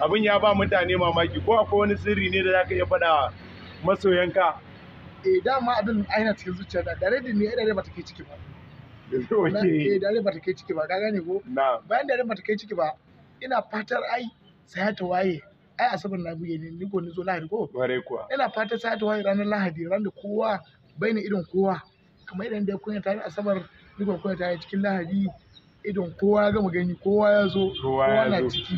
abin ya ba mutane mamaki ko akwai wani sirri ne da zaka iya faɗa masoyanka eh dama abin aina cikin zuciya da dare ne ya dare ba take ciki ba eh dare ba take ciki ba ka gane ko bayan dare ba take ciki ba ina fatar ai sai ta waye ai asabar na buge ne ni ko ni zo lahadi ko ware kuwa ina fatar sai ta waye ranar lahadi ran da kowa bai ni irin kowa kamar idan da kunya tare asabar ni ko kunya tare cikin lahadi idon kowa ya gama gani kowa ya zo kowa na ciki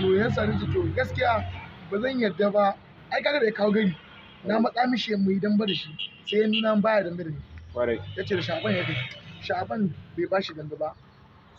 to ya sani ce to gaskiya ba zan yarda ba ai kaga da ya kawo gari na matsa mishi mu idan ba da shi sai ya nuna baya dambe da ni ya ce da shaban ya kai shaban bai ba shi dambe ba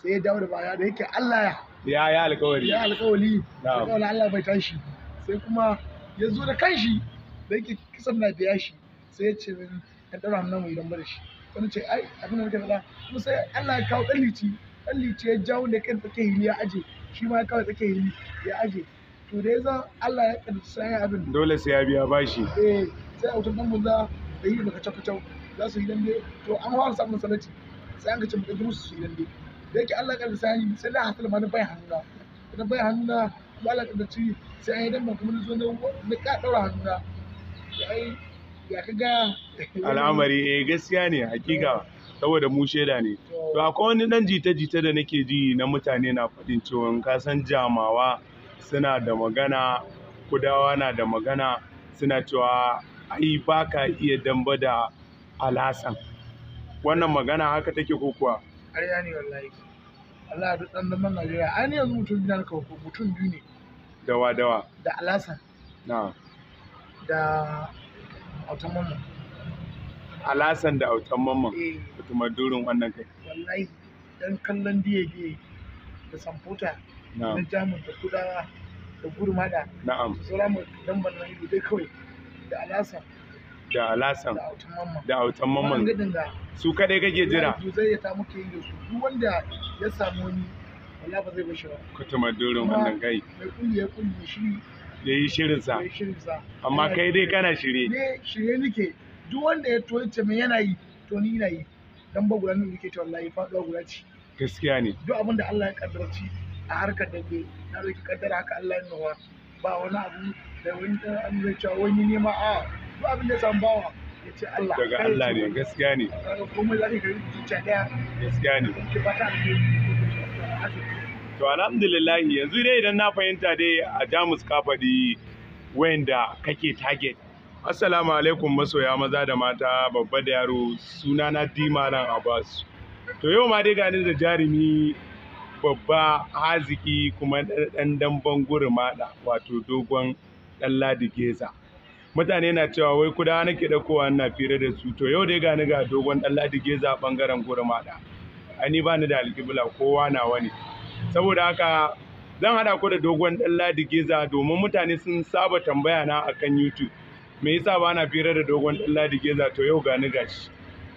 sai ya dawo da baya da yake Allah ya ya alƙawari ya alƙawari alƙawari Allah bai tashi sai kuma ya zo da kanshi da yake kisan na biya shi sai ya ce min ka ɗaura hannun mu dan ba da shi wani ce ai abin da muke faɗa kuma sai Allah ya kawo ɗan tsalli ce ya jawo da kan take hili ya aje shi ma kawai take hili ya aje to da yasa Allah ya kaddace sai abin dole sai ya biya bashi eh sai a wutar dambun za da yi baka cakacau za su yi dai to an fara samun salati sai an kace musu su yi dai da yake Allah ya kaddace sai sai da hasala ma na bai hannuna na bai hannuna ba la kaddace sai an yi dambe kuma na zo na ka daura hannuna ai ya ka ga al'amari eh gaskiya ne hakika saboda mu shaida ne to akwai wani dan jita-jita da nake ji na mutane na faɗin cewa ka san jamawa suna da magana kudawa na da magana suna cewa ai ba ka iya damba da alasan wannan magana haka take ko kuwa ƙarya ne wallahi Allah duk dan damban Najeriya ai ne yanzu mutum biyu ka mutum biyu ne dawa dawa da alasan na da autonomous alasan da autan mamman eh. da kuma durin wannan kai wallahi dan kallon diyage da samfuta na jamus da kudawa da gurmada na'am su sura mu dan bannan ido dai kawai da alasan da alasan da autan mamman su kadai kake jira zai ya ta muke yin da su duk wanda ya samu wani wallahi ba zai bashi ba kutumar durin wannan kai mai kulli ya kulli shi ya yi shirinsa amma kai dai kana shirye ne shirye nake duk wanda ya to yace me yana yi to ni na yi dan ba guda nan ke ta wallahi faduwa guda ci. gaskiya ne duk abin da Allah ya ci a harkar da ke na roki kaddara haka Allah ya nawa ba wani abu da wani dan an zai cewa wani nema a duk abin da san bawa ce Allah daga Allah ne gaskiya ne komai zaka ka yi zuciya daya gaskiya ne ki fata to alhamdulillah yanzu dai idan na fahimta dai a Jamus ka faɗi wanda kake target Assalamu alaikum masoya maza da mata babba da yaro sunana Dima nan Abbas. To yau ma dai gani da jarumi babba haziki kuma ɗan damban maɗa wato dogon ɗan ladi geza. Mutane na cewa wai kuda nake ɗaukowa na fira da su to yau dai gani ga dogon ɗan ladi geza ɓangaren gurmaɗa. Ani ba ni da alƙibla kowa nawa ne. Saboda haka zan haɗa ku da dogon ɗan ladi geza domin mutane sun saba tambaya na akan YouTube. me yasa ba na firar da dogon dan ladi geza to yau gani gashi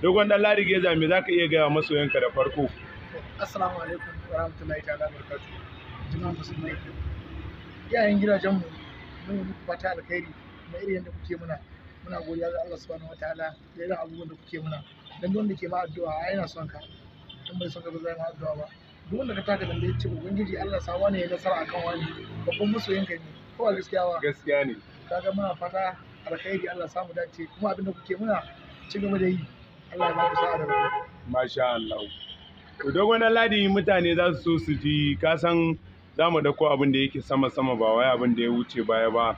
dogon dan ladi geza me zaka iya gaya yanka da farko assalamu alaikum wa rahmatullahi ta'ala barakatuh jama'a musulmai iyayen gidajen mu mun yi muku fata alkhairi na irin yadda kuke muna muna godiya ga Allah subhanahu wataala da irin abubuwan da kuke muna dan duk wanda ke ma addu'a ai yana son ka dan bai son ka ba zai ma addu'a ba duk wanda ka taka dan da yace ubangiji Allah sa wani ya nasara akan wani babban musoyinka ne ko gaskiya wa gaskiya ne kaga muna fata alkhairi Allah samu dace kuma abinda kuke muna ci gaba da yi Allah ya baku sa'a da rabu masha Allah idan ladi mutane za su so su ji ka san za mu dauko abin da yake sama sama ba wai abin da ya wuce baya ba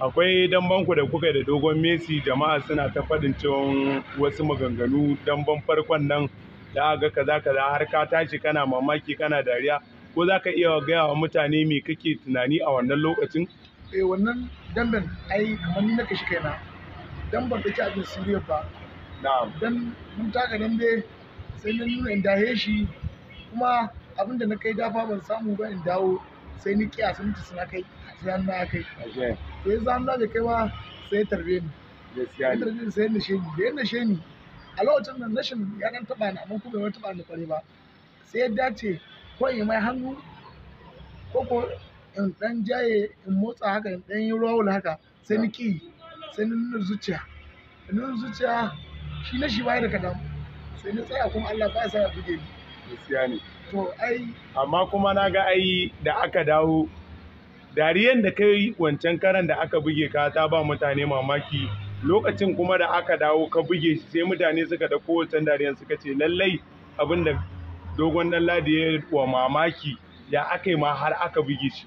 akwai damban ku da kuka da dogon Messi jama'a suna ta fadin cewon wasu maganganu damban farkon nan da ga kaza kaza har ka tashi kana mamaki kana dariya ko za ka iya gaya wa mutane me kake tunani a wannan lokacin? Eh wannan damben ai kamar ni na shi kaina dan ban ɗauki abin siriyar ba dan mun taka dambe sai na nuna in dahe shi kuma abin da na kai dafa ban samu ba in dawo sai ni kiya sun ci suna kai sai an na kai sai za na da kai ba sai tarbe ni gaskiya ne sai na sheni da yana sheni a lokacin nan nashin ya dan taba ni amma kuma bai taba ni kware ba sai ya dace ko in mai hannu ko ko in ɗan jaye in motsa haka in ɗan yi rawul haka sai ni ki sai ni nuna zuciya nuna zuciya shi na shi baya da kadan sai ni tsaya kuma Allah ba ya sa ya buge ni gaskiya ne to ai amma kuma na ga ai da aka dawo dariyan da kai wancan karan da aka buge ka ta ba mutane mamaki lokacin kuma da aka dawo ka buge shi sai mutane suka da kowace dariyan suka ce lallai abinda dogon dan ladi ya wa mamaki ya aka yi ma har aka buge shi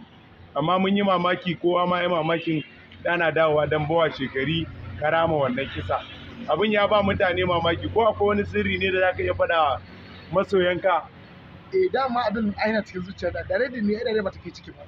amma mun yi mamaki kowa ma ya mamakin dana dawowa dan bawa shekari karama wannan kisa abin ya ba mutane mamaki ko akwai wani sirri ne da za ka iya faɗa masoyanka eh dama abin aina cikin zuciya da dare din ne dare ba ta kai ciki ba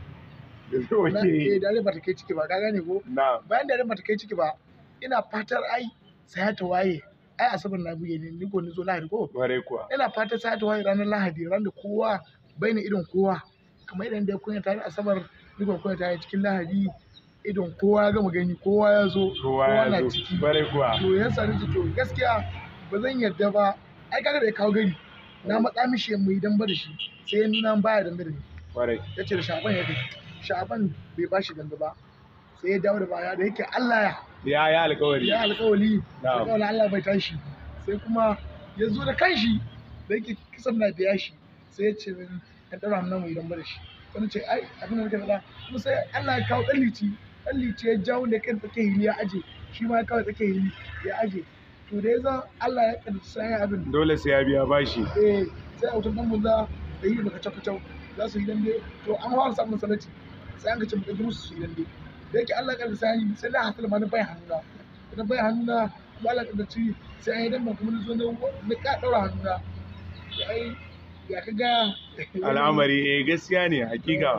eh dare ba kai ciki ba ka gane ko bayan dare ba ta kai ciki ba ina fatar ai sai ta waye ai asabar na buge ne ni ko ni zo lahadi ko ware kuwa ina fatar sai ta waye ranar lahadi ran da kowa bai ni irin kowa kamar idan da kunya tare asabar ribar kwai ta yi cikin lahadi idan kowa ya gama gani kowa ya zo kowa na ciki to ya sani ce to gaskiya ba zan yarda ba ai kaga da ya kawo gari na matsa mishi mu yi damba da shi sai ya nuna baya damba da ni ya ce da shaban ya kai shaban bai bashi damba ba sai ya dawo da baya da yake Allah ya ya alƙawari ya alƙawari alƙawari Allah bai tashi sai kuma ya zo da kanshi da yake kisan na biya shi sai ya ce min ɗan ɗaura mu idan damba da shi wani ce ai abin da muke faɗa kuma sai Allah ya kawo ɗan lici ɗan lici ya jawo da kan tsakiyar hili ya aje shi ma ya kawo tsakiyar hili ya aje to da yaza Allah ya ƙarfi sai ya abin dole sai ya biya bashi eh sai a wutar dan banza da yi baka cakacau za su yi dande, to an hawa samun salati sai an ka ce mutum su yi dande. da yake Allah ya ƙarfi sai yi sai na hasala ma na bai hannuna na bai hannuna ba Allah ya ƙarfi sai an yi dambe kuma na zo na ka ɗaura hannuna ai al'amari eh gaskiya ne hakika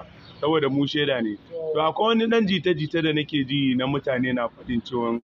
saboda mu shaida ne to akwai wani dan jita-jita da nake ji na mutane na faɗin cewa